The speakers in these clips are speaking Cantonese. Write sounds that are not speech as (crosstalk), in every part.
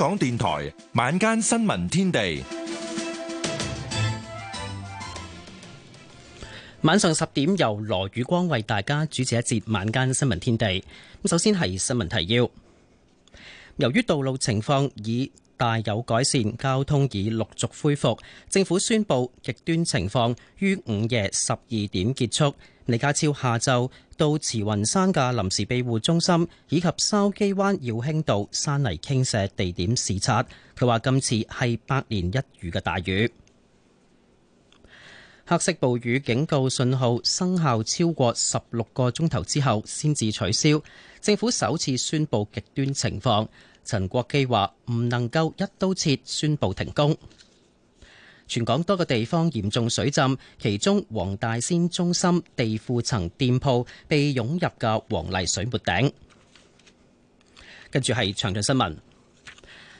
港電台晚間新聞天地，晚上十點由羅宇光為大家主持一節晚間新聞天地。首先係新聞提要，由於道路情況以。大有改善，交通已陸續恢復，政府宣布極端情況於午夜十二點結束。李家超下晝到慈雲山嘅臨時庇護中心以及筲箕灣耀興道山泥傾瀉地點視察。佢話今次係百年一遇嘅大雨。黑色暴雨警告信號生效超過十六個鐘頭之後先至取消。政府首次宣布極端情況。陳國基話唔能夠一刀切宣布停工，全港多個地方嚴重水浸，其中黃大仙中心地庫層店鋪被湧入嘅黃泥水沒頂。跟住係詳盡新聞。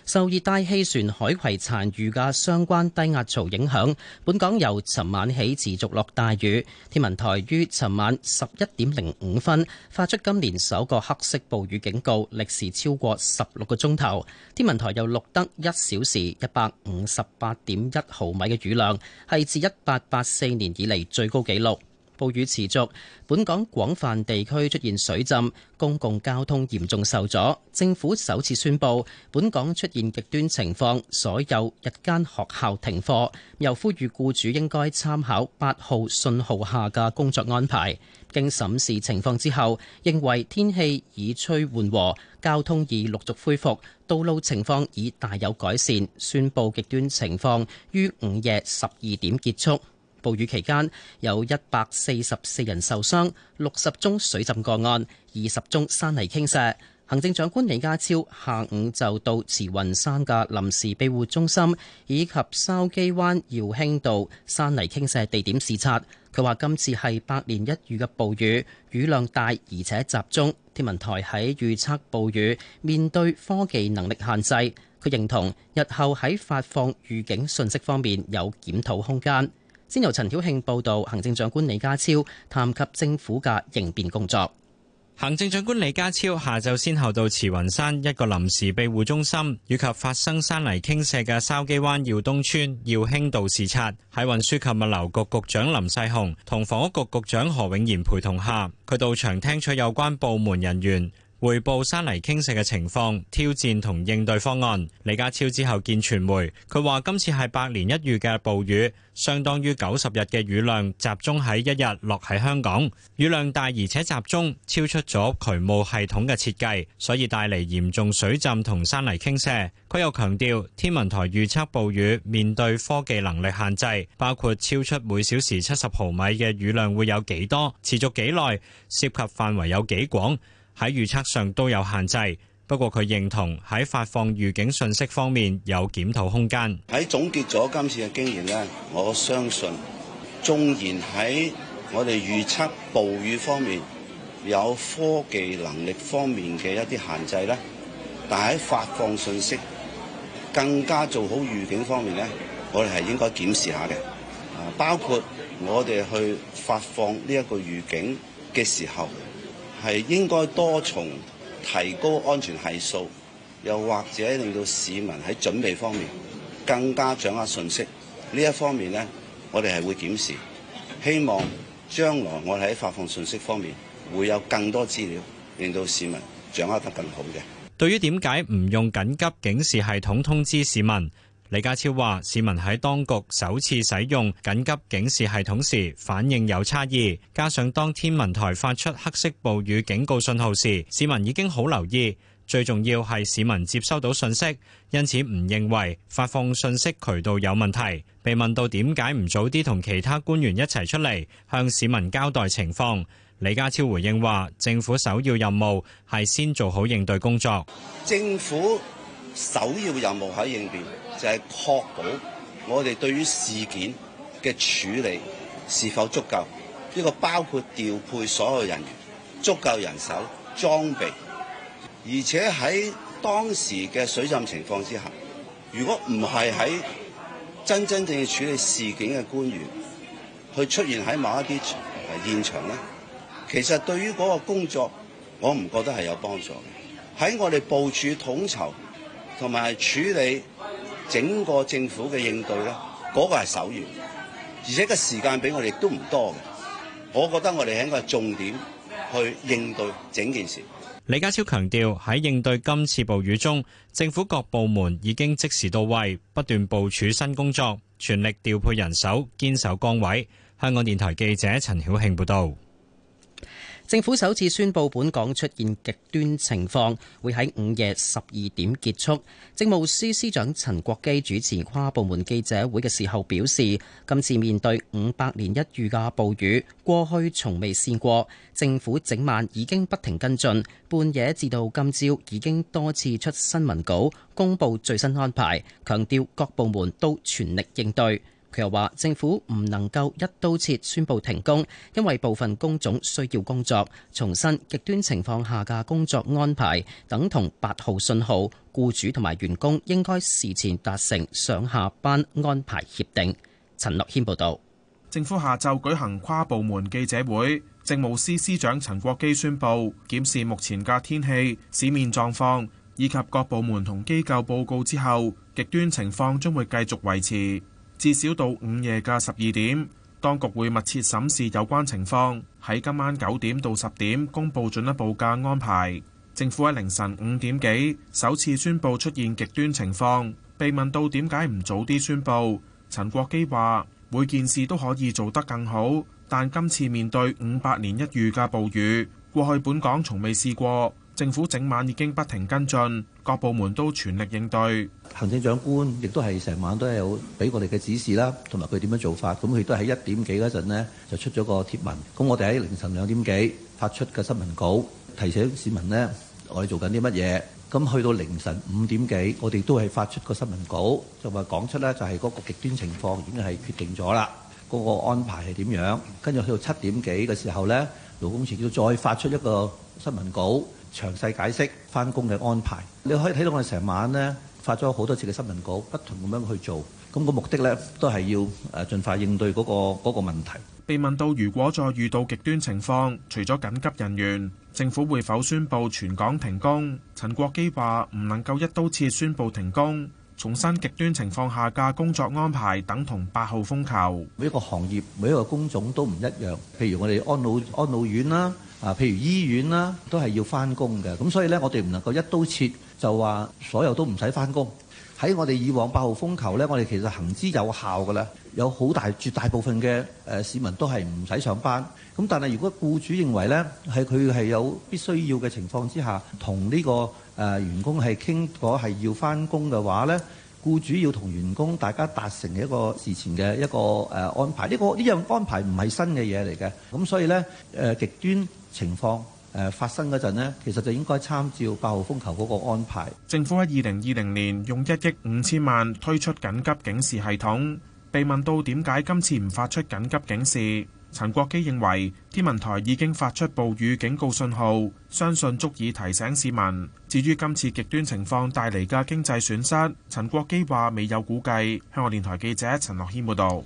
受熱帶氣旋海葵殘餘嘅相關低壓槽影響，本港由尋晚起持續落大雨。天文台於尋晚十一點零五分發出今年首個黑色暴雨警告，歷時超過十六個鐘頭。天文台又錄得一小時一百五十八點一毫米嘅雨量，係自一八八四年以嚟最高紀錄。暴雨持續，本港廣泛地區出現水浸，公共交通嚴重受阻。政府首次宣布本港出現極端情況，所有日間學校停課，又呼籲僱主應該參考八號信號下嘅工作安排。經審視情況之後，認為天氣已趨緩和，交通已陸續恢復，道路情況已大有改善，宣佈極端情況於午夜十二點結束。暴雨期間，有一百四十四人受傷，六十宗水浸個案，二十宗山泥傾瀉。行政長官李家超下午就到慈雲山嘅臨時庇護中心，以及筲箕灣耀興道山泥傾瀉地點視察。佢話：今次係百年一遇嘅暴雨，雨量大而且集中。天文台喺預測暴雨，面對科技能力限制，佢認同日後喺發放預警信息方面有檢討空間。先由陳曉慶報道，行政長官李家超談及政府嘅應變工作。行政長官李家超下晝先後到慈雲山一個臨時庇護中心，以及發生山泥傾瀉嘅筲箕灣耀東村耀興道視察。喺運輸及物流局局長林世雄同房屋局局長何永賢陪同下，佢到場聽取有關部門人員匯報山泥傾瀉嘅情況、挑戰同應對方案。李家超之後見傳媒，佢話今次係百年一遇嘅暴雨，相當於九十日嘅雨量集中喺一日落喺香港。雨量大而且集中，超出咗渠務系統嘅設計，所以帶嚟嚴重水浸同山泥傾瀉。佢又強調天文台預測暴雨面對科技能力限制，包括超出每小時七十毫米嘅雨量會有幾多、持續幾耐、涉及範圍有幾廣。喺預測上都有限制，不過佢認同喺發放預警信息方面有檢討空間。喺總結咗今次嘅經驗咧，我相信縱然喺我哋預測暴雨方面有科技能力方面嘅一啲限制咧，但係喺發放信息更加做好預警方面咧，我哋係應該檢視下嘅。啊，包括我哋去發放呢一個預警嘅時候，係應該多重提高安全係數，又或者令到市民喺準備方面更加掌握信息，呢一方面呢，我哋係會檢視，希望將來我哋喺發放信息方面會有更多資料，令到市民掌握得更好嘅。對於點解唔用緊急警示系統通知市民？李家超話：市民喺當局首次使用緊急警示系統時反應有差異，加上當天文台發出黑色暴雨警告信號時，市民已經好留意。最重要係市民接收到信息，因此唔認為發放信息渠道有問題。被問到點解唔早啲同其他官員一齊出嚟向市民交代情況，李家超回應話：政府首要任務係先做好應對工作。政府。首要任務喺應變，就係確保我哋對於事件嘅處理是否足夠。呢個包括調配所有人員足夠人手、裝備，而且喺當時嘅水浸情況之下，如果唔係喺真真正正處理事件嘅官員去出現喺某一啲現場咧，其實對於嗰個工作，我唔覺得係有幫助嘅。喺我哋部署統籌，同埋處理整個政府嘅應對呢嗰個係首要，而且個時間俾我哋都唔多嘅。我覺得我哋係一個重點去應對整件事。李家超強調喺應對今次暴雨中，政府各部門已經即時到位，不斷部署新工作，全力調配人手，堅守崗位。香港電台記者陳曉慶報導。政府首次宣佈本港出現極端情況，會喺午夜十二點結束。政務司司長陳國基主持跨部門記者會嘅時候表示，今次面對五百年一遇嘅暴雨，過去從未試過，政府整晚已經不停跟進，半夜至到今朝已經多次出新聞稿公佈最新安排，強調各部門都全力應對。佢又話：政府唔能夠一刀切，宣布停工，因為部分工種需要工作。重申極端情況下嘅工作安排等同八號信號，僱主同埋員工應該事前達成上下班安排協定。陳樂軒報導。政府下晝舉行跨部門記者會，政務司司長陳國基宣布，檢視目前嘅天氣、市面狀況以及各部門同機構報告之後，極端情況將會繼續維持。至少到午夜嘅十二點，當局會密切審視有關情況，喺今晚九點到十點公布進一步嘅安排。政府喺凌晨五點幾首次宣布出現極端情況，被問到點解唔早啲宣布，陳國基話每件事都可以做得更好，但今次面對五百年一遇嘅暴雨，過去本港從未試過。政府整晚已經不停跟進，各部門都全力應對。行政長官亦都係成晚都係有俾我哋嘅指示啦，同埋佢點樣做法。咁佢都喺一點幾嗰陣咧就出咗個貼文。咁我哋喺凌晨兩點幾發出嘅新聞稿，提醒市民咧我哋做緊啲乜嘢。咁去到凌晨五點幾，我哋都係發出個新聞稿，就話講出咧就係嗰個極端情況已經係決定咗啦，嗰個安排係點樣。跟住去到七點幾嘅時候咧，勞工處要再發出一個新聞稿。詳細解釋翻工嘅安排，你可以睇到我哋成晚呢發咗好多次嘅新聞稿，不同咁樣去做，咁個目的呢，都係要誒盡快應對嗰個嗰個問題。被問到如果再遇到極端情況，除咗緊急人員，政府會否宣佈全港停工？陳國基話唔能夠一刀切宣佈停工。重申極端情況下嘅工作安排等同八號風球。每一個行業、每一個工種都唔一樣。譬如我哋安老安老院啦，啊，譬如醫院啦，都係要返工嘅。咁所以咧，我哋唔能夠一刀切，就話所有都唔使返工。喺我哋以往八號風球咧，我哋其實行之有效㗎啦。有好大絕大部分嘅誒市民都係唔使上班。咁但係如果僱主認為咧，係佢係有必須要嘅情況之下，同呢、這個。誒、呃、員工係傾咗係要翻工嘅話呢，僱主要同員工大家達成一個事前嘅一個誒安排。呢、這個呢樣、這個、安排唔係新嘅嘢嚟嘅，咁所以呢誒、呃、極端情況誒發生嗰陣呢，其實就應該參照八號風球嗰個安排。政府喺二零二零年用一億五千萬推出緊急警示系統，被問到點解今次唔發出緊急警示？陳國基認為天文台已經發出暴雨警告信號，相信足以提醒市民。至於今次極端情況帶嚟嘅經濟損失，陳國基話未有估計。香港電台記者陳樂軒報道。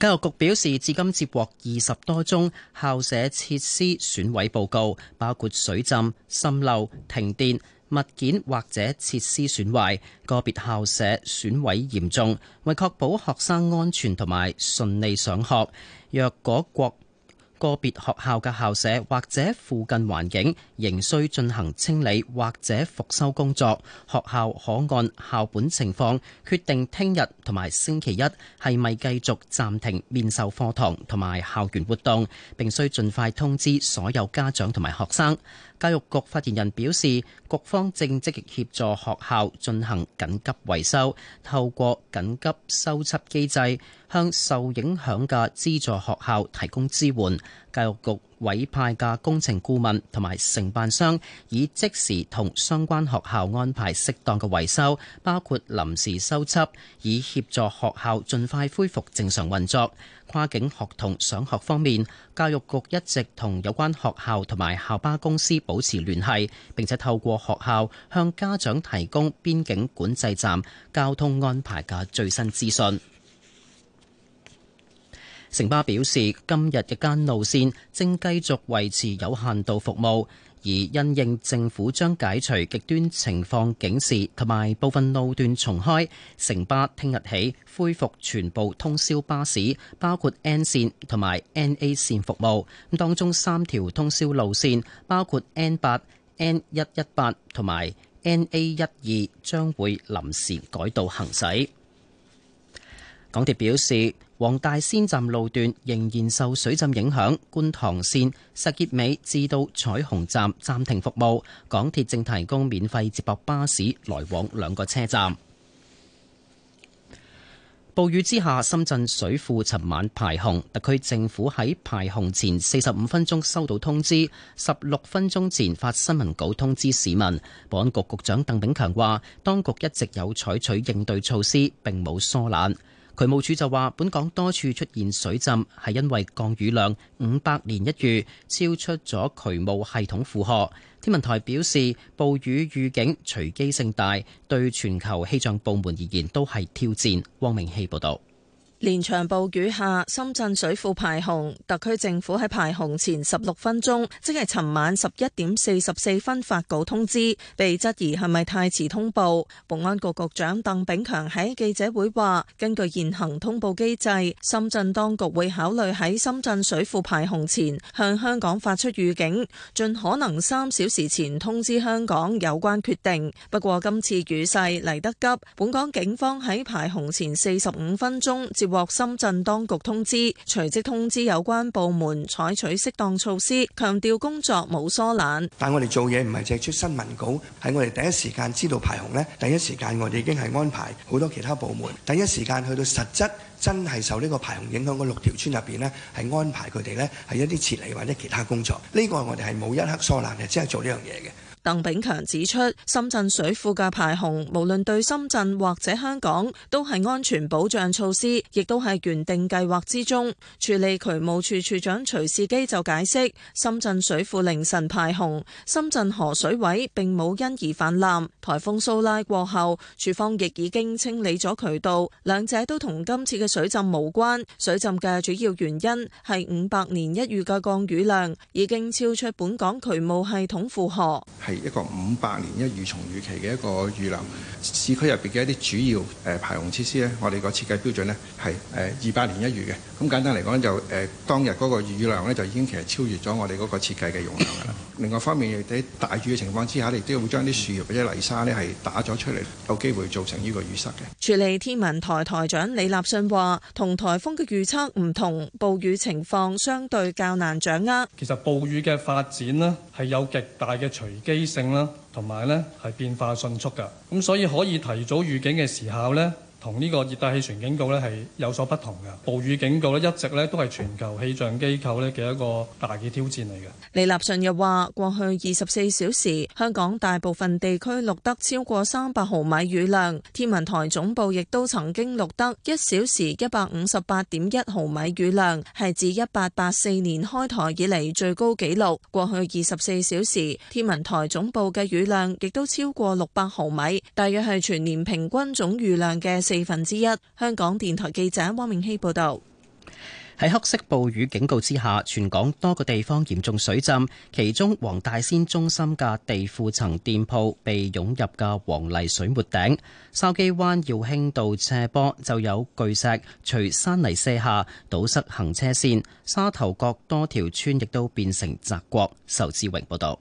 教育局表示，至今接獲二十多宗校舍設施損毀報告，包括水浸、滲漏、停電、物件或者設施損壞。個別校舍損毀嚴重，為確保學生安全同埋順利上學。若果個個別學校嘅校舍或者附近環境仍需進行清理或者復修工作，學校可按校本情況決定聽日同埋星期一係咪繼續暫停面授課堂同埋校園活動，並須盡快通知所有家長同埋學生。教育局發言人表示，局方正積極協助學校進行緊急維修，透過緊急修葺機制向受影響嘅資助學校提供支援。教育局委派嘅工程顧問同埋承辦商已即時同相關學校安排適當嘅維修，包括臨時修葺，以協助學校盡快恢復正常運作。跨境學童上學方面，教育局一直同有關學校同埋校巴公司保持聯繫，並且透過學校向家長提供邊境管制站、交通安排嘅最新資訊。城巴表示，今日日間路線正繼續維持有限度服務，而因應政府將解除極端情況警示同埋部分路段重開，城巴聽日起恢復全部通宵巴士，包括 N 線同埋 NA 線服務，咁當中三條通宵路線，包括 N 八、N 一一八同埋 NA 一二，將會臨時改道行駛。港鐵表示，黃大仙站路段仍然受水浸影響，觀塘綫石硖尾至到彩虹站暫停服務。港鐵正提供免費接駁巴士來往兩個車站。暴雨之下，深圳水庫尋晚排洪，特區政府喺排洪前四十五分鐘收到通知，十六分鐘前發新聞稿通知市民。保安局局長鄧炳強話，當局一直有採取應對措施，並冇疏懶。渠務署就話，本港多處出現水浸，係因為降雨量五百年一遇，超出咗渠務系統負荷。天文台表示，暴雨預警隨機性大，對全球氣象部門而言都係挑戰。汪明希報道。連場暴雨下，深圳水庫排洪，特區政府喺排洪前十六分鐘，即係尋晚十一點四十四分發稿通知，被質疑係咪太遲通報。保安局局長鄧炳強喺記者會話，根據現行通報機制，深圳當局會考慮喺深圳水庫排洪前向香港發出預警，盡可能三小時前通知香港有關決定。不過今次雨勢嚟得急，本港警方喺排洪前四十五分鐘接。獲深圳當局通知，隨即通知有關部門採取適當措施，強調工作冇疏懶。但我哋做嘢唔係只出新聞稿，喺我哋第一時間知道排洪呢，第一時間我哋已經係安排好多其他部門，第一時間去到實質真係受呢個排洪影響嘅六條村入邊呢，係安排佢哋呢，係一啲撤離或者其他工作。呢個我哋係冇一刻疏懶嘅，即係做呢樣嘢嘅。鄧炳強指出，深圳水庫嘅排洪無論對深圳或者香港都係安全保障措施，亦都係原定計劃之中。處理渠務處處長徐仕基就解釋，深圳水庫凌晨排洪，深圳河水位並冇因而泛濫。颱風蘇拉過後，署方亦已經清理咗渠道，兩者都同今次嘅水浸無關。水浸嘅主要原因係五百年一遇嘅降雨量已經超出本港渠務系統負荷。一個五百年一遇重現期嘅一個雨量，市區入邊嘅一啲主要誒、呃、排洪設施咧，我哋個設計標準咧係誒二百年一遇嘅。咁簡單嚟講就誒、呃、當日嗰個雨量咧，就已經其實超越咗我哋嗰個設計嘅容量噶啦。 (coughs) 另外方面亦都大雨嘅情況之下，你都要將啲樹葉或者泥沙咧係打咗出嚟，有機會造成呢個淤塞嘅。署理天文台台長李立信話同台風嘅預測唔同，暴雨情況相對較難掌握。其實暴雨嘅發展咧係有極大嘅隨機性啦，同埋咧係變化迅速嘅。咁所以可以提早預警嘅時候咧，同呢個熱帶氣旋警告呢係有所不同嘅，暴雨警告呢一直呢都係全球氣象機構呢嘅一個大嘅挑戰嚟嘅。李立信又話：過去二十四小時，香港大部分地區錄得超過三百毫米雨量，天文台總部亦都曾經錄得一小時一百五十八點一毫米雨量，係自一八八四年開台以嚟最高紀錄。過去二十四小時，天文台總部嘅雨量亦都超過六百毫米，大約係全年平均總雨量嘅四分之一。香港電台記者汪明希報道，喺黑色暴雨警告之下，全港多個地方嚴重水浸，其中黃大仙中心嘅地庫層店鋪被湧入嘅黃泥水沒頂，筲箕灣耀興道斜坡就有巨石隨山泥瀉下，堵塞行車線；沙頭角多條村亦都變成澤國。仇志榮報道。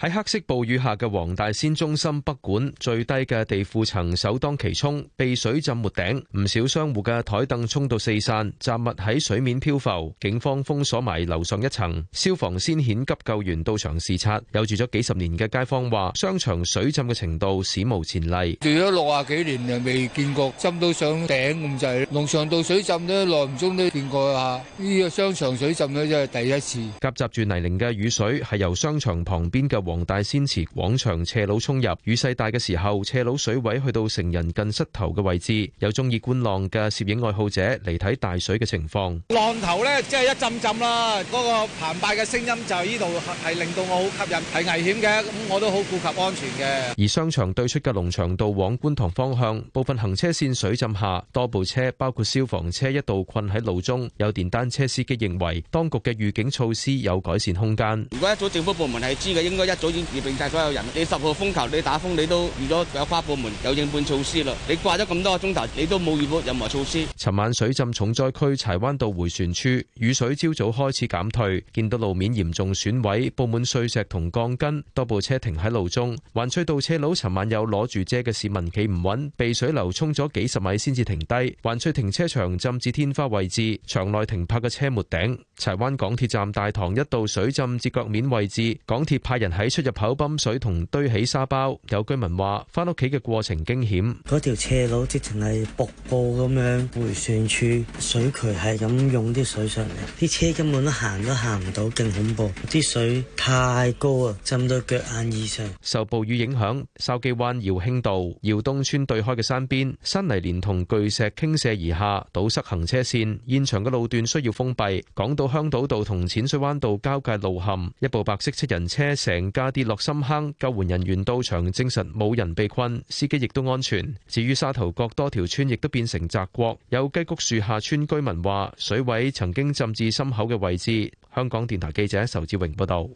喺黑色暴雨下嘅黃大仙中心北館最低嘅地庫層首當其衝，被水浸沒頂，唔少商戶嘅台凳衝到四散，雜物喺水面漂浮。警方封鎖埋樓上一層，消防先遣急救員到場視察。有住咗幾十年嘅街坊話，商場水浸嘅程度史無前例。住咗六啊幾年又未見過浸到上頂咁滯，龍翔道水浸都耐唔中都見過啊，呢個商場水浸咧真係第一次。夾雜住泥濘嘅雨水係由商場旁邊嘅。黃大仙祠廣場斜路衝入，雨勢大嘅時候，斜路水位去到成人近膝頭嘅位置，有中意觀浪嘅攝影愛好者嚟睇大水嘅情況。浪頭呢，即係一浸浸啦，嗰個澎湃嘅聲音就呢度係令到我好吸引，係危險嘅，咁我都好顧及安全嘅。而商場對出嘅龍翔道往觀塘方向，部分行車綫水浸下，多部車包括消防車一度困喺路中。有電單車司機認為當局嘅預警措施有改善空間。如果一早政府部門係知嘅，應該早已預備曬所有人。你十號風球，你打風你都預咗有跨部門有應變措施啦。你掛咗咁多個鐘頭，你都冇預過任何措施。尋晚水浸重災區柴灣道迴旋處，雨水朝早開始減退，見到路面嚴重損毀，佈滿碎石同鋼筋，多部車停喺路中。環翠道斜路尋晚有攞住遮嘅市民企唔穩，被水流沖咗幾十米先至停低。環翠停車場浸至天花位置，場內停泊嘅車沒頂。柴灣港鐵站大堂一度水浸至腳面位置，港鐵派人喺喺出入口泵水同堆起沙包，有居民話翻屋企嘅過程驚險。嗰條斜路直情係瀑布咁樣，回旋處，水渠係咁湧啲水上嚟，啲車根本都行都行唔到，勁恐怖。啲水太高啊，浸到腳眼以上。受暴雨影響，筲箕灣耀興道、耀東村對開嘅山邊，山泥連同巨石傾瀉而下，堵塞行車線。現場嘅路段需要封閉。港島香島道同淺水灣道交界路陷，一部白色七人車成家跌落深坑，救援人員到場證實冇人被困，司機亦都安全。至於沙頭角多條村亦都變成澤國，有雞谷樹下村居民話，水位曾經浸至心口嘅位置。香港電台記者仇志榮報道。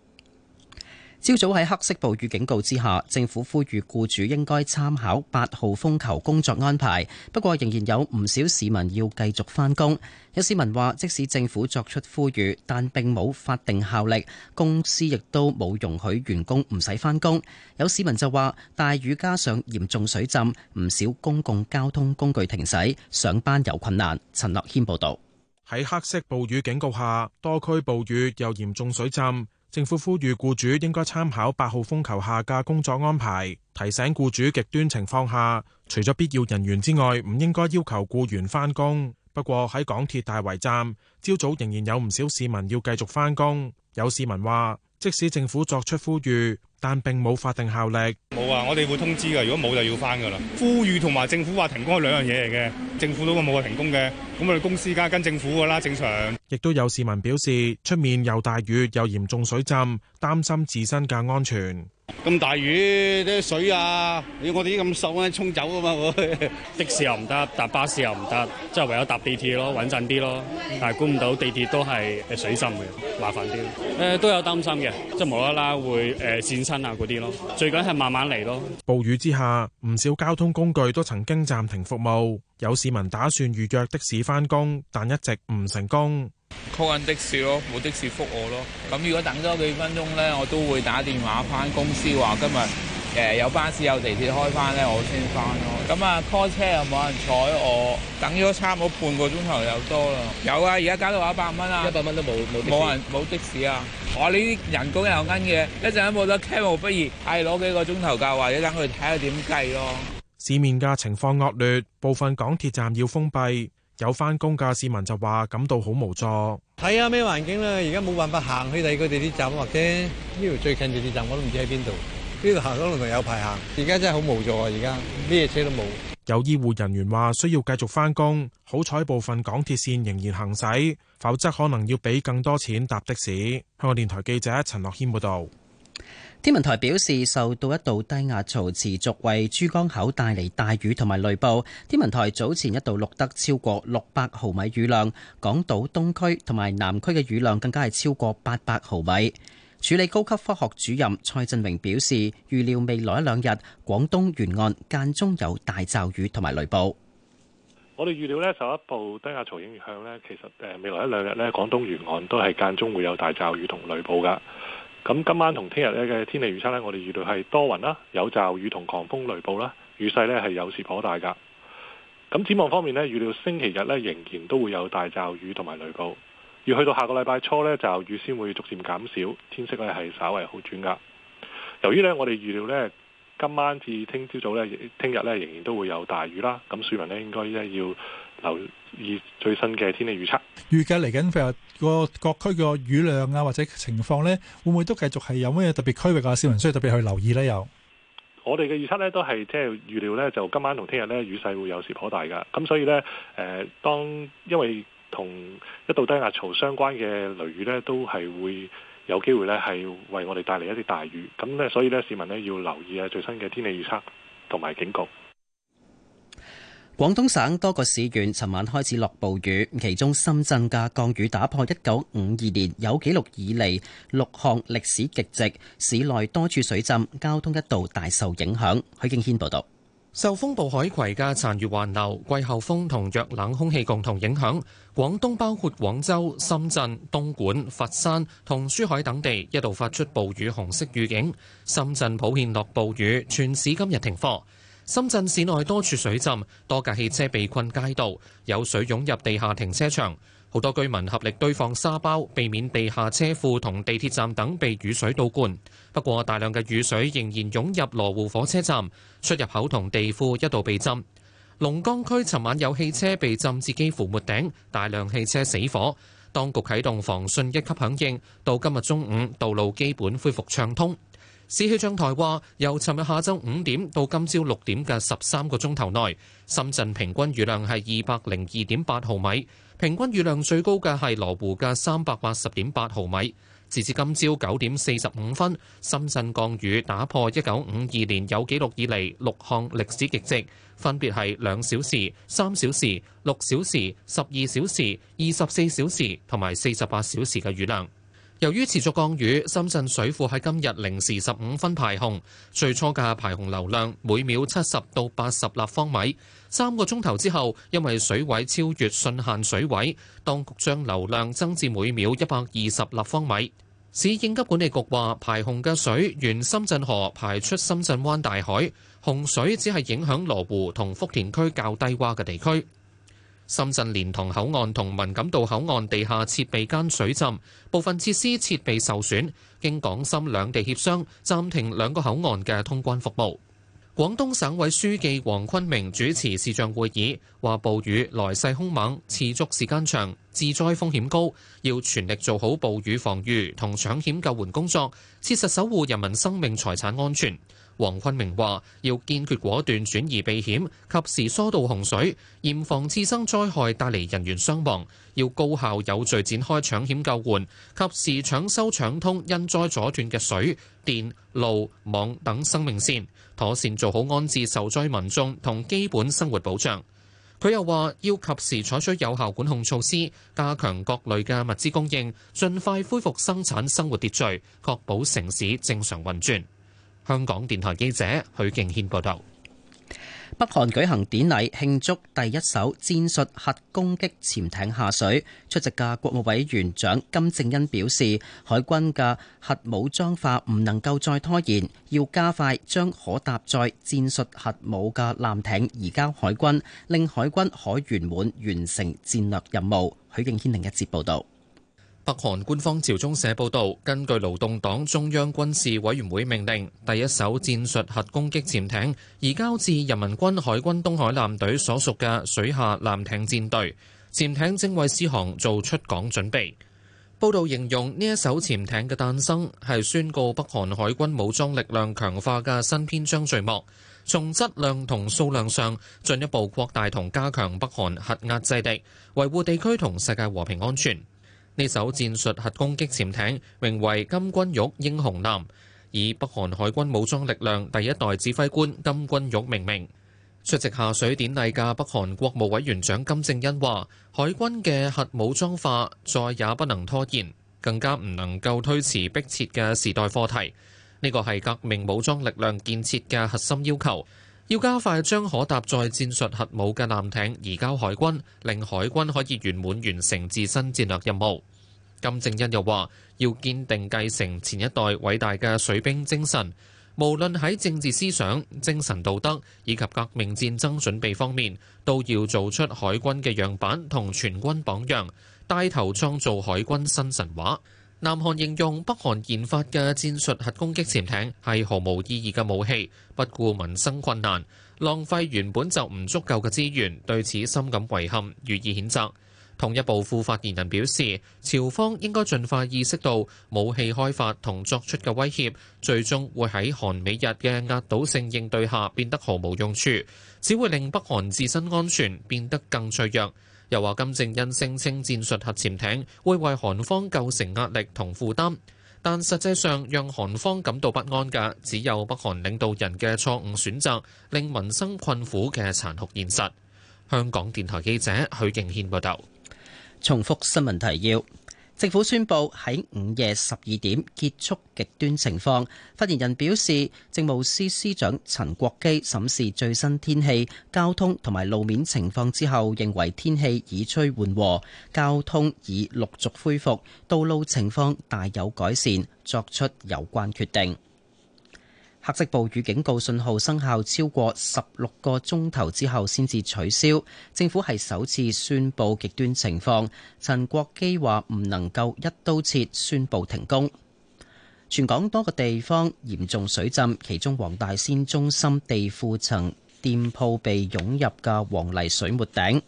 朝早喺黑色暴雨警告之下，政府呼籲雇主應該參考八號風球工作安排。不過，仍然有唔少市民要繼續返工。有市民話：即使政府作出呼籲，但並冇法定效力，公司亦都冇容許員工唔使返工。有市民就話：大雨加上嚴重水浸，唔少公共交通工具停駛，上班有困難。陳樂軒報導。喺黑色暴雨警告下，多區暴雨又嚴重水浸。政府呼籲僱主應該參考八號風球下嘅工作安排，提醒僱主極端情況下，除咗必要人員之外，唔應該要求僱員返工。不過喺港鐵大圍站，朝早仍然有唔少市民要繼續返工。有市民話，即使政府作出呼籲。但並冇法定效力，冇啊！我哋會通知噶，如果冇就要翻噶啦。呼籲同埋政府話停工係兩樣嘢嚟嘅，政府都話冇話停工嘅，咁我哋公司梗係跟政府噶啦。正常。亦都有市民表示，出面又大雨又嚴重水浸，擔心自身嘅安全。咁大雨啲水啊，我哋啲咁瘦沖走啊嘛會的士又唔得，搭巴士又唔得，即係唯有搭地鐵咯，穩陣啲咯。但係估唔到地鐵都係誒水浸嘅，麻煩啲。誒，都有擔心嘅，即係無啦啦會誒濺親啊嗰啲咯。最緊係慢慢嚟咯。暴雨之下，唔少交通工具都曾經暫停服務。有市民打算預約的士返工，但一直唔成功。call 緊的士咯，冇的士覆我咯。咁如果等咗幾分鐘咧，我都會打電話翻公司話今日誒有巴士有地鐵開翻咧，我先翻咯。咁啊 call 車又冇人睬我，等咗差唔多半個鐘頭又多啦。有啊，而家加到我一百蚊啊，一百蚊都冇冇冇人冇的士啊！我呢啲人工又奀嘅，一陣間冇得 c a m o 不如係攞幾個鐘頭教，或者等佢睇下點計咯。市面嘅情況惡劣，部分港鐵站要封閉。有返工嘅市民就話感到好無助，睇下咩環境啦，而家冇辦法行去第二個地鐵站，或者呢條最近地鐵站我都唔知喺邊度，呢條行咗路仲有排行，而家真係好無助啊！而家咩車都冇。有醫護人員話需要繼續返工，好彩部分港鐵線仍然行駛，否則可能要俾更多錢搭的士。香港電台記者陳樂謙報道。天文台表示，受到一道低壓槽持續為珠江口帶嚟大雨同埋雷暴。天文台早前一度錄得超過六百毫米雨量，港島東區同埋南區嘅雨量更加係超過八百毫米。處理高級科學主任蔡振榮表示，預料未來一兩日廣東沿岸間中有大驟雨同埋雷暴。我哋預料呢受一部低壓槽影響呢，其實誒未來一兩日呢，廣東沿岸都係間中會有大驟雨同雷暴噶。咁今晚同聽日呢嘅天氣預測呢，我哋預料係多雲啦，有驟雨同狂風雷暴啦，雨勢呢係有時頗大噶。咁展望方面呢，預料星期日呢仍然都會有大驟雨同埋雷暴，而去到下個禮拜初呢，驟雨先會逐漸減少，天色呢係稍為好轉噶。由於呢，我哋預料呢今晚至聽朝早呢，聽日呢仍然都會有大雨啦。咁市民呢應該呢要。留意最新嘅天氣預測，預計嚟緊譬如個各區嘅雨量啊或者情況呢，會唔會都繼續係有咩特別區域啊市民需要特別去留意呢。又我哋嘅預測呢，都係即係預料呢，就今晚同聽日呢，雨勢會有時頗大噶，咁所以呢，誒、呃，當因為同一度低壓槽相關嘅雷雨呢，都係會有機會呢係為我哋帶嚟一啲大雨，咁呢，所以呢，市民呢要留意啊最新嘅天氣預測同埋警告。廣東省多個市縣尋晚開始落暴雨，其中深圳嘅降雨打破一九五二年有紀錄以嚟六項歷史極值，市內多處水浸，交通一度大受影響。許敬軒報道，受風暴海葵嘅殘餘環流、季候風同弱冷空氣共同影響，廣東包括廣州、深圳、東莞、佛山同珠海等地一度發出暴雨紅色預警。深圳普遍落暴雨，全市今日停課。深圳市內多處水浸，多架汽車被困街道，有水湧入地下停車場，好多居民合力堆放沙包，避免地下車庫同地鐵站等被雨水倒灌。不過大量嘅雨水仍然湧入羅湖火車站出入口同地庫一度被浸。龍崗區尋晚有汽車被浸至幾乎沒頂，大量汽車死火，當局啟動防汛一級響應，到今日中午，道路基本恢復暢通。市氣象台話，由尋日下晝五點到今朝六點嘅十三個鐘頭內，深圳平均雨量係二百零二點八毫米，平均雨量最高嘅係羅湖嘅三百八十點八毫米。截至今朝九點四十五分，深圳降雨打破一九五二年有記錄以嚟六項歷史極值，分別係兩小時、三小時、六小時、十二小時、二十四小時同埋四十八小時嘅雨量。由於持續降雨，深圳水庫喺今日零時十五分排洪，最初嘅排洪流量每秒七十到八十立方米。三個鐘頭之後，因為水位超越汛限水位，當局將流量增至每秒一百二十立方米。市應急管理局話，排洪嘅水沿深圳河排出深圳灣大海，洪水只係影響羅湖同福田區較低洼嘅地區。深圳蓮塘口岸同文錦渡口岸地下設備間水浸，部分設施設備受損，經港深兩地協商，暫停兩個口岸嘅通關服務。廣東省委書記黃坤明主持視像會議話，暴雨來勢凶猛，持續時間長，致災風險高，要全力做好暴雨防禦同搶險救援工作，切實守護人民生命財產安全。黃坤明話：要堅決果斷轉移避險，及時疏導洪水，嚴防次生災害帶嚟人員傷亡；要高效有序展開搶險救援，及時搶修搶通因災阻斷嘅水、電、路、網等生命線，妥善做好安置受災民眾同基本生活保障。佢又話：要及時採取有效管控措施，加強各類嘅物資供應，盡快恢復生產生活秩序，確保城市正常運轉。香港電台記者許敬軒報道，北韓舉行典禮慶祝第一艘戰術核攻擊潛艇下水。出席嘅國務委員長金正恩表示，海軍嘅核武裝化唔能夠再拖延，要加快將可搭載戰術核武嘅艦艇移交海軍，令海軍可圓滿完成戰略任務。許敬軒另一節報道。北韓官方朝中社報導，根據勞動黨中央軍事委員會命令，第一艘戰術核攻擊潛艇移交至人民軍海軍東海艦隊所屬嘅水下艦艇戰隊，潛艇正為試航做出港準備。報導形容呢一艘潛艇嘅誕生係宣告北韓海軍武裝力量強化嘅新篇章序幕，從質量同數量上進一步擴大同加強北韓核壓制力，維護地區同世界和平安全。呢艘戰術核攻擊潛艇名為金君玉英雄艦，以北韓海軍武裝力量第一代指揮官金君玉命名。出席下水典禮嘅北韓國務委員長金正恩話，海軍嘅核武裝化再也不能拖延，更加唔能夠推遲，迫切嘅時代課題。呢個係革命武裝力量建設嘅核心要求。要加快將可搭載戰術核武嘅艦艇移交海軍，令海軍可以圓滿完成自身戰略任務。金正恩又話，要堅定繼承前一代偉大嘅水兵精神，無論喺政治思想、精神道德以及革命戰爭準備方面，都要做出海軍嘅樣板同全軍榜樣，帶頭創造海軍新神話。南韓形容北韓研發嘅戰術核攻擊潛艇係毫無意義嘅武器，不顧民生困難，浪費原本就唔足夠嘅資源，對此深感遺憾，予以譴責。統一部副發言人表示，朝方應該盡快意識到武器開發同作出嘅威脅，最終會喺韓美日嘅壓倒性應對下變得毫無用處，只會令北韓自身安全變得更脆弱。又話金正恩聲稱戰術核潛艇會為韓方構成壓力同負擔，但實際上讓韓方感到不安嘅，只有北韓領導人嘅錯誤選擇，令民生困苦嘅殘酷現實。香港電台記者許敬軒報道。重複新聞提要。政府宣布喺午夜十二點結束極端情況，發言人表示，政務司司長陳國基審視最新天氣、交通同埋路面情況之後認為天氣已趨緩和，交通已陸續恢復，道路情況大有改善，作出有關決定。黑色暴雨警告信號生效超過十六個鐘頭之後先至取消。政府係首次宣布極端情況，陳國基話唔能夠一刀切宣布停工。全港多個地方嚴重水浸，其中黃大仙中心地庫層店鋪被湧入嘅黃泥水沒頂。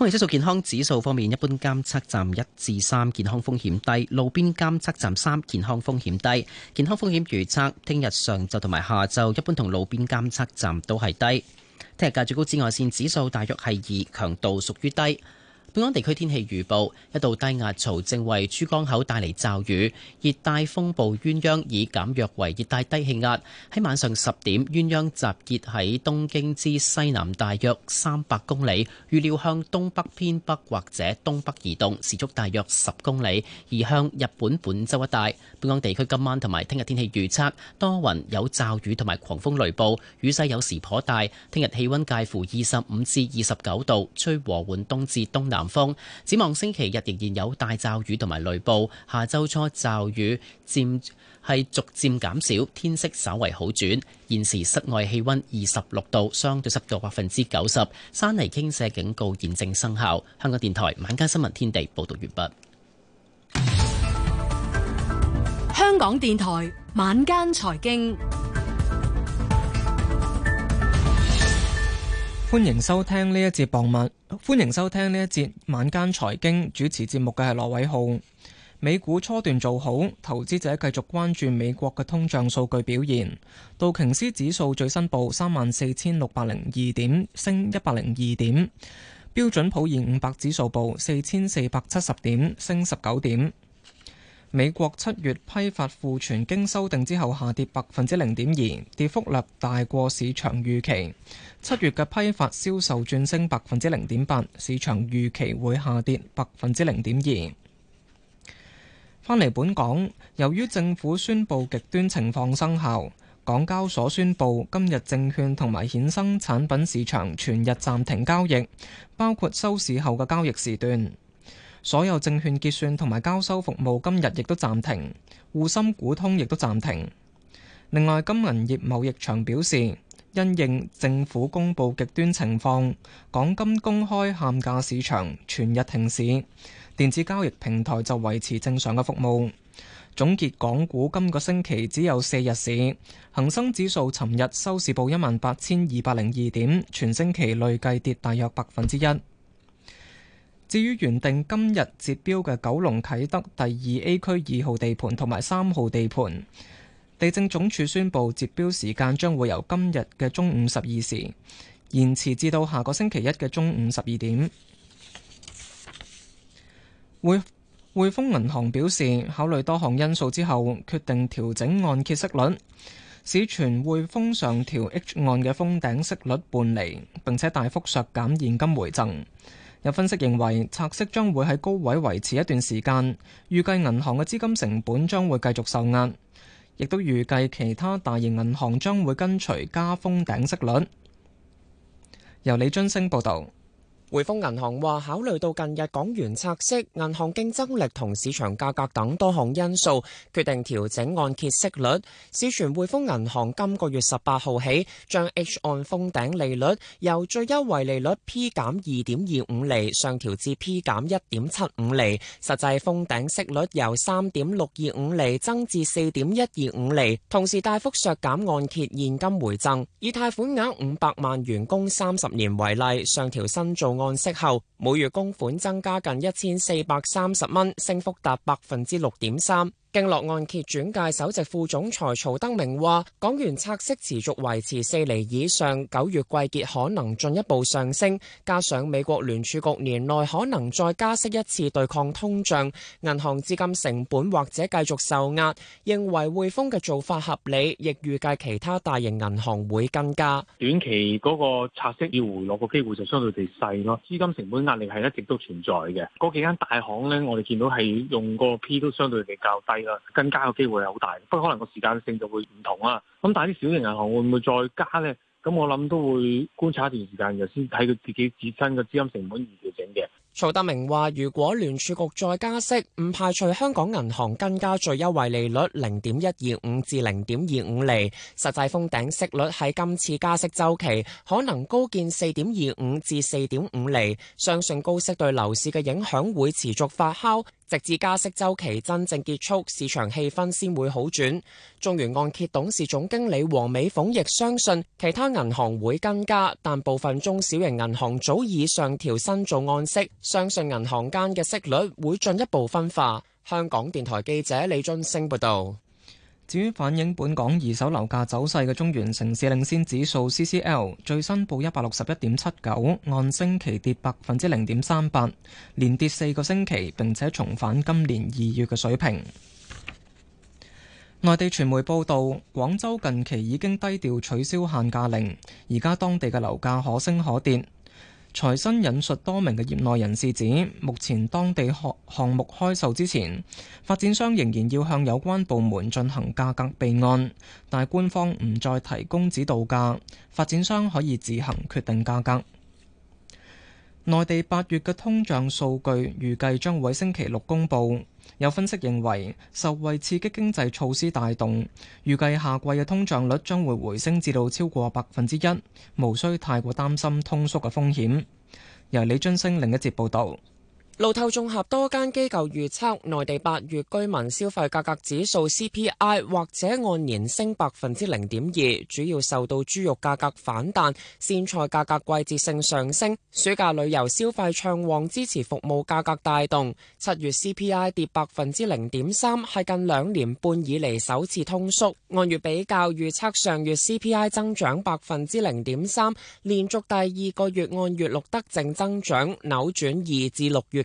空氣質素健康指數方面，一般監測站一至三，健康風險低；路邊監測站三，健康風險低。健康風險預測聽日上晝同埋下晝，一般同路邊監測站都係低。聽日嘅最高紫外線指數大約係二，強度屬於低。本港地區天氣預報，一道低壓槽正為珠江口帶嚟驟雨，熱帶風暴鴛鴦已減弱為熱帶低氣壓。喺晚上十點，鴛鴦集結喺東京之西南大約三百公里，預料向東北偏北或者東北移動，時速大約十公里，移向日本本州一帶。本港地區今晚同埋聽日天氣預測，多雲有驟雨同埋狂風雷暴，雨勢有時頗大。聽日氣溫介乎二十五至二十九度，吹和緩東至東南南風。展望星期日仍然有大驟雨同埋雷暴，下周初驟雨漸係逐漸減少，天色稍為好轉。現時室外氣溫二十六度，相對濕度百分之九十，山泥傾瀉警告現正生效。香港電台晚間新聞天地報道完畢。香港電台晚間財經。歡迎收聽呢一節傍晚，歡迎收聽呢一節晚間財經，主持節目嘅係羅偉浩。美股初段做好，投資者繼續關注美國嘅通脹數據表現。道瓊斯指數最新報三萬四千六百零二點，升一百零二點。標準普爾五百指數報四千四百七十點，升十九點。美國七月批發庫存經修訂之後下跌百分之零點二，跌幅略大過市場預期。七月嘅批發銷售轉升百分之零點八，市場預期會下跌百分之零點二。返嚟本港，由於政府宣布極端情況生效，港交所宣布今日證券同埋衍生產品市場全日暫停交易，包括收市後嘅交易時段。所有證券結算同埋交收服務今日亦都暫停，滬深股通亦都暫停。另外，金銀業貿易場表示，因應政府公布極端情況，港金公開喊價市場全日停市，電子交易平台就維持正常嘅服務。總結，港股今個星期只有四日市，恒生指數尋日收市報一萬八千二百零二點，全星期累計跌大約百分之一。至於原定今日截標嘅九龍啟德第二 A 區二號地盤同埋三號地盤，地政總署宣布截標時間將會由今日嘅中午十二時延遲至到下個星期一嘅中午十二點。匯匯豐銀行表示，考慮多項因素之後，決定調整按揭息率，市傳匯豐上調 H 按嘅封頂息率半厘，並且大幅削減現金回贈。有分析認為，拆息將會喺高位維持一段時間，預計銀行嘅資金成本將會繼續受壓，亦都預計其他大型銀行將會跟隨加封頂息率。由李津升報導。匯豐銀行話，考慮到近日港元拆息、銀行競爭力同市場價格等多項因素，決定調整按揭息率。市傳匯豐銀行今個月十八號起，將 H 按封頂利率由最優惠利率 P 減二點二五厘上調至 P 減一點七五厘，實際封頂息率由三點六二五厘增至四點一二五厘，同時大幅削減按揭現金回贈。以貸款額五百萬元供三十年為例，上調新造。按息後，每月供款增加近一千四百三十蚊，升幅達百分之六點三。經絡按揭轉介首席副總裁曹德明話：港元拆息持續維持四厘以上，九月季結可能進一步上升。加上美國聯儲局年內可能再加息一次對抗通脹，銀行資金成本或者繼續受壓。認為匯豐嘅做法合理，亦預計其他大型銀行會跟加。短期嗰個拆息要回落嘅機會就相對地細咯，資金成本壓力係一直都存在嘅。嗰幾間大行呢，我哋見到係用個 P 都相對比較低。更加嘅機會係好大，不過可能個時間性就會唔同啦。咁但係啲小型銀行會唔會再加呢？咁我諗都會觀察一段時間，就先睇佢自己自身嘅資金成本而調整嘅。曹德明話：如果聯儲局再加息，唔排除香港銀行更加最優惠利率零點一二五至零點二五釐，實際封頂息率喺今次加息週期可能高見四點二五至四點五釐。相信高息對樓市嘅影響會持續發酵。直至加息週期真正結束，市場氣氛先會好轉。中原按揭董事總經理黃美鳳亦相信，其他銀行會增加，但部分中小型銀行早已上調新造按息，相信銀行間嘅息率會進一步分化。香港電台記者李津升報道。至於反映本港二手樓價走勢嘅中原城市領先指數 CCL 最新報一百六十一點七九，按星期跌百分之零點三八，連跌四個星期，並且重返今年二月嘅水平。內地傳媒報道，廣州近期已經低調取消限價令，而家當地嘅樓價可升可跌。財新引述多名嘅業內人士指，目前當地項項目開售之前，發展商仍然要向有關部門進行價格備案，但係官方唔再提供指導價，發展商可以自行決定價格。內地八月嘅通脹數據預計將會星期六公布。有分析認為，受惠刺激經濟措施帶動，預計下季嘅通脹率將會回升至到超過百分之一，無需太過擔心通縮嘅風險。由李晉升另一節報道。路透綜合多間機構預測，內地八月居民消費價格指數 CPI 或者按年升百分之零點二，主要受到豬肉價格反彈、鮮菜價格季節性上升、暑假旅遊消費暢旺支持服務價格帶動。七月 CPI 跌百分之零點三，係近兩年半以嚟首次通縮。按月比較預測，上月 CPI 增長百分之零點三，連續第二個月按月錄得正增長，扭轉二至六月。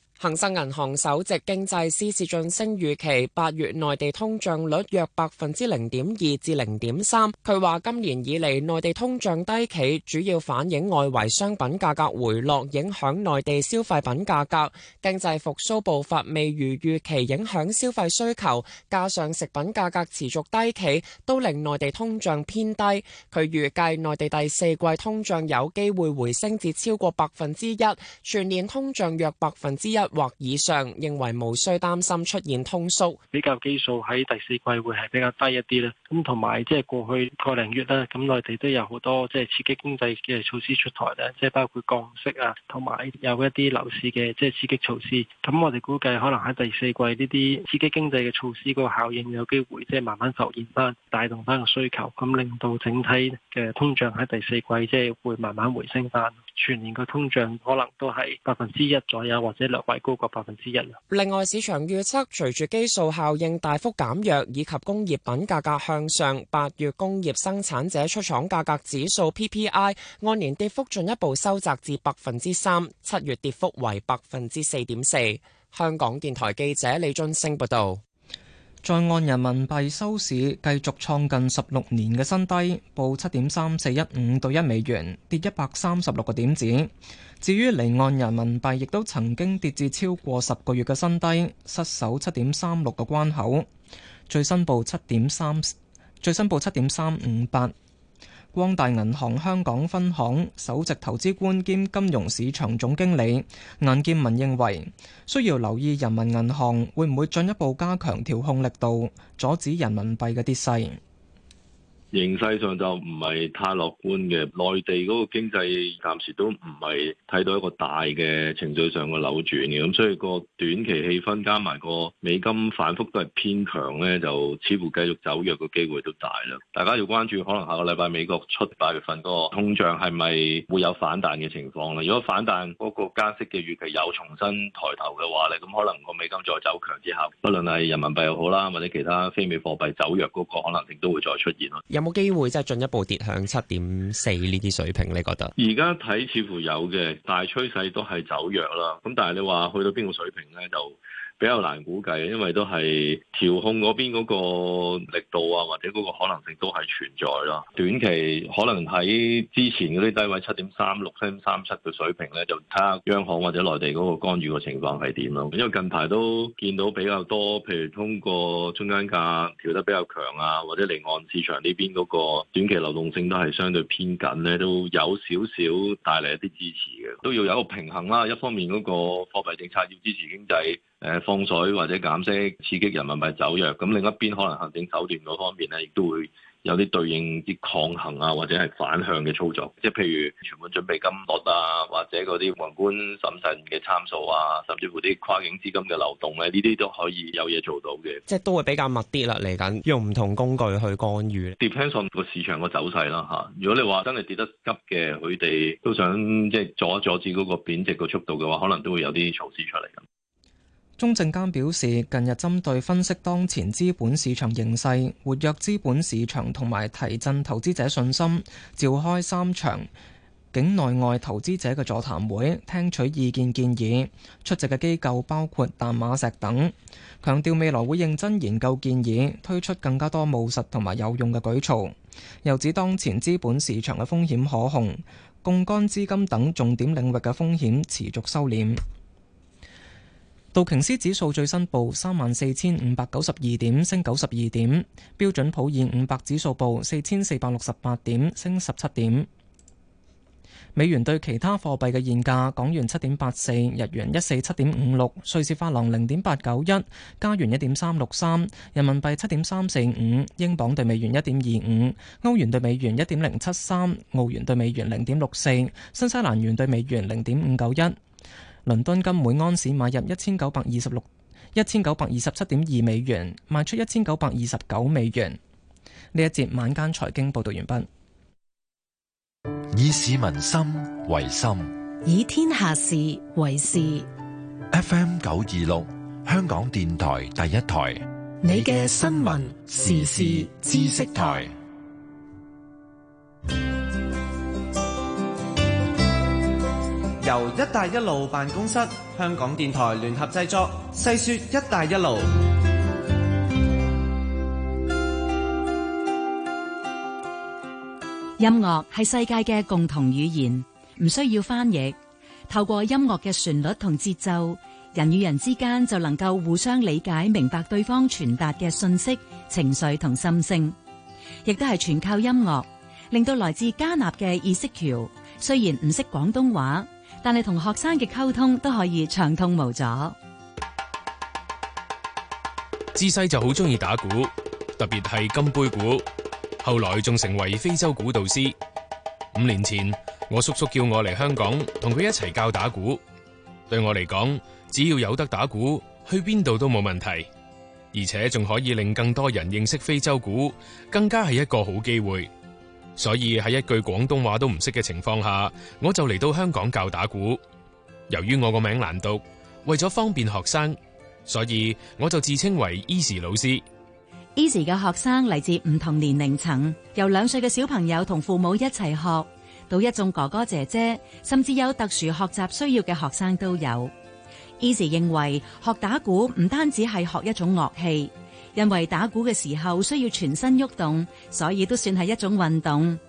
恒生銀行首席經濟師薛俊昇預期，八月內地通脹率約百分之零點二至零點三。佢話今年以嚟內地通脹低企，主要反映外圍商品價格回落影響內地消費品價格，經濟復蘇步,步伐未如預期，影響消費需求，加上食品價格持續低企，都令內地通脹偏低。佢預計內地第四季通脹有機會回升至超過百分之一，全年通脹約百分之一。或以上認為無需擔心出現通縮，比較基數喺第四季會係比較低一啲啦。咁同埋即係過去個零月咧，咁內地都有好多即係刺激經濟嘅措施出台咧，即係包括降息啊，同埋有一啲樓市嘅即係刺激措施。咁我哋估計可能喺第四季呢啲刺激經濟嘅措施個效應有機會即係慢慢浮現翻，帶動翻個需求，咁令到整體嘅通脹喺第四季即係會慢慢回升翻。全年嘅通脹可能都係百分之一左右，或者略為高過百分之一。另外，市場預測隨住基數效應大幅減弱，以及工業品價格向上，八月工業生產者出廠價格指數 PPI 按年跌幅進一步收窄至百分之三，七月跌幅為百分之四點四。香港電台記者李津升報導。在岸人民幣收市繼續創近十六年嘅新低，報七點三四一五到一美元，跌一百三十六個點子。至於離岸人民幣，亦都曾經跌至超過十個月嘅新低，失守七點三六個關口。最新報七點三，最新報七點三五八。光大銀行香港分行首席投資官兼金融市場總經理顏建文認為，需要留意人民銀行會唔會進一步加強調控力度，阻止人民幣嘅跌勢。形勢上就唔係太樂觀嘅，內地嗰個經濟暫時都唔係睇到一個大嘅程序上嘅扭轉嘅，咁所以個短期氣氛加埋個美金反覆都係偏強咧，就似乎繼續走弱嘅機會都大啦。大家要關注可能下個禮拜美國出八月份嗰個通脹係咪會有反彈嘅情況咧？如果反彈嗰個加息嘅預期有重新抬頭嘅話咧，咁可能個美金再走強之後，不論係人民幣又好啦，或者其他非美貨幣走弱嗰個可能性都會再出現咯。有冇機會即係進一步跌向七點四呢啲水平？你覺得而家睇似乎有嘅，大趨勢都係走弱啦。咁但係你話去到邊個水平咧就？比較難估計，因為都係調控嗰邊嗰個力度啊，或者嗰個可能性都係存在啦。短期可能喺之前嗰啲低位七點三六、七點三七嘅水平咧，就睇下央行或者內地嗰個干預嘅情況係點咯。因為近排都見到比較多，譬如通過中間價調得比較強啊，或者離岸市場呢邊嗰個短期流動性都係相對偏緊咧，都有少少帶嚟一啲支持嘅。都要有一個平衡啦，一方面嗰個貨幣政策要支持經濟。誒放水或者減息，刺激人民幣走弱。咁另一邊可能行政手段嗰方面咧，亦都會有啲對應啲抗衡啊，或者係反向嘅操作。即係譬如存款準備金率啊，或者嗰啲宏觀審慎嘅參數啊，甚至乎啲跨境資金嘅流動咧、啊，呢啲都可以有嘢做到嘅。即係都會比較密啲啦，嚟緊用唔同工具去干預。Depends on 個市場個走勢啦，嚇。如果你話真係跌得急嘅，佢哋都想即係阻一阻止嗰個貶值個速度嘅話，可能都會有啲措施出嚟。中證監表示，近日針對分析當前資本市場形勢，活躍資本市場同埋提振投資者信心，召開三場境內外投資者嘅座談會，聽取意見建議。出席嘅機構包括淡馬錫等，強調未來會認真研究建議推出更加多務實同埋有用嘅舉措。又指當前資本市場嘅風險可控，槓桿資金等重點領域嘅風險持續收斂。道瓊斯指數最新報三萬四千五百九十二點，升九十二點。標準普爾五百指數報四千四百六十八點，升十七點。美元對其他貨幣嘅現價：港元七點八四，日元一四七點五六，瑞士法郎零點八九一，加元一點三六三，人民幣七點三四五，英鎊對美元一點二五，歐元對美元一點零七三，澳元對美元零點六四，新西蘭元對美元零點五九一。倫敦金每安士買入一千九百二十六、一千九百二十七點二美元，賣出一千九百二十九美元。呢一節晚間財經報道完畢。以市民心為心，以天下事為事。F.M. 九二六，香港電台第一台，你嘅新聞時事知識台。由“一帶一路”辦公室、香港電台聯合製作，細說“一帶一路”。音樂係世界嘅共同語言，唔需要翻譯。透過音樂嘅旋律同節奏，人與人之間就能夠互相理解、明白對方傳達嘅信息、情緒同心聲。亦都係全靠音樂，令到來自加納嘅意識橋，雖然唔識廣東話。但係同學生嘅溝通都可以暢通無阻。資西就好中意打鼓，特別係金杯鼓，後來仲成為非洲鼓導師。五年前，我叔叔叫我嚟香港同佢一齊教打鼓。對我嚟講，只要有得打鼓，去邊度都冇問題，而且仲可以令更多人認識非洲鼓，更加係一個好機會。所以喺一句廣東話都唔識嘅情況下，我就嚟到香港教打鼓。由於我個名難讀，為咗方便學生，所以我就自稱為 Easy 老師。Easy 嘅學生嚟自唔同年齡層，由兩歲嘅小朋友同父母一齊學到一眾哥哥姐姐，甚至有特殊學習需要嘅學生都有。Easy 認為學打鼓唔單止係學一種樂器。因為打鼓嘅時候需要全身喐動，所以都算係一種運動。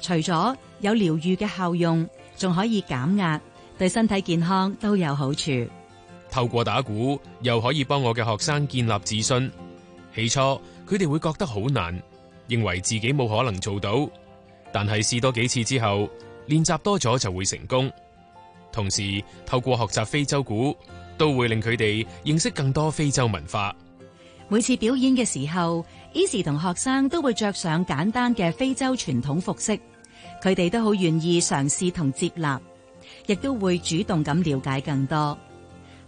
除咗有療癒嘅效用，仲可以減壓，對身體健康都有好處。透過打鼓，又可以幫我嘅學生建立自信。起初佢哋會覺得好難，認為自己冇可能做到，但係試多幾次之後，練習多咗就會成功。同時透過學習非洲鼓，都會令佢哋認識更多非洲文化。每次表演嘅時候，Eason 同學生都會着上簡單嘅非洲傳統服飾，佢哋都好願意嘗試同接納，亦都會主動咁了解更多。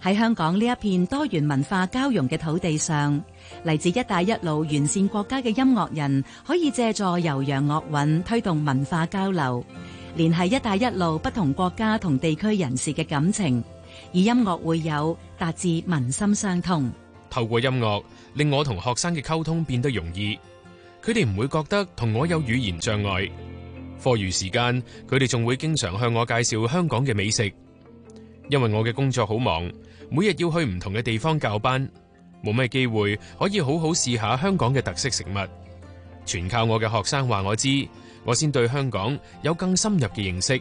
喺香港呢一片多元文化交融嘅土地上，嚟自一帶一路沿線國家嘅音樂人可以借助悠揚樂韻推動文化交流，聯繫一帶一路不同國家同地區人士嘅感情，以音樂會友達至民心相通。透過音樂，令我同學生嘅溝通變得容易，佢哋唔會覺得同我有語言障礙。課餘時間，佢哋仲會經常向我介紹香港嘅美食，因為我嘅工作好忙，每日要去唔同嘅地方教班，冇咩機會可以好好試下香港嘅特色食物。全靠我嘅學生話我知，我先對香港有更深入嘅認識。